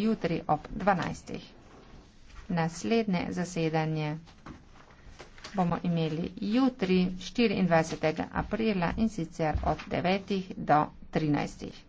jutri ob 12. Naslednje zasedanje bomo imeli jutri 24. aprila in sicer od 9. do 13.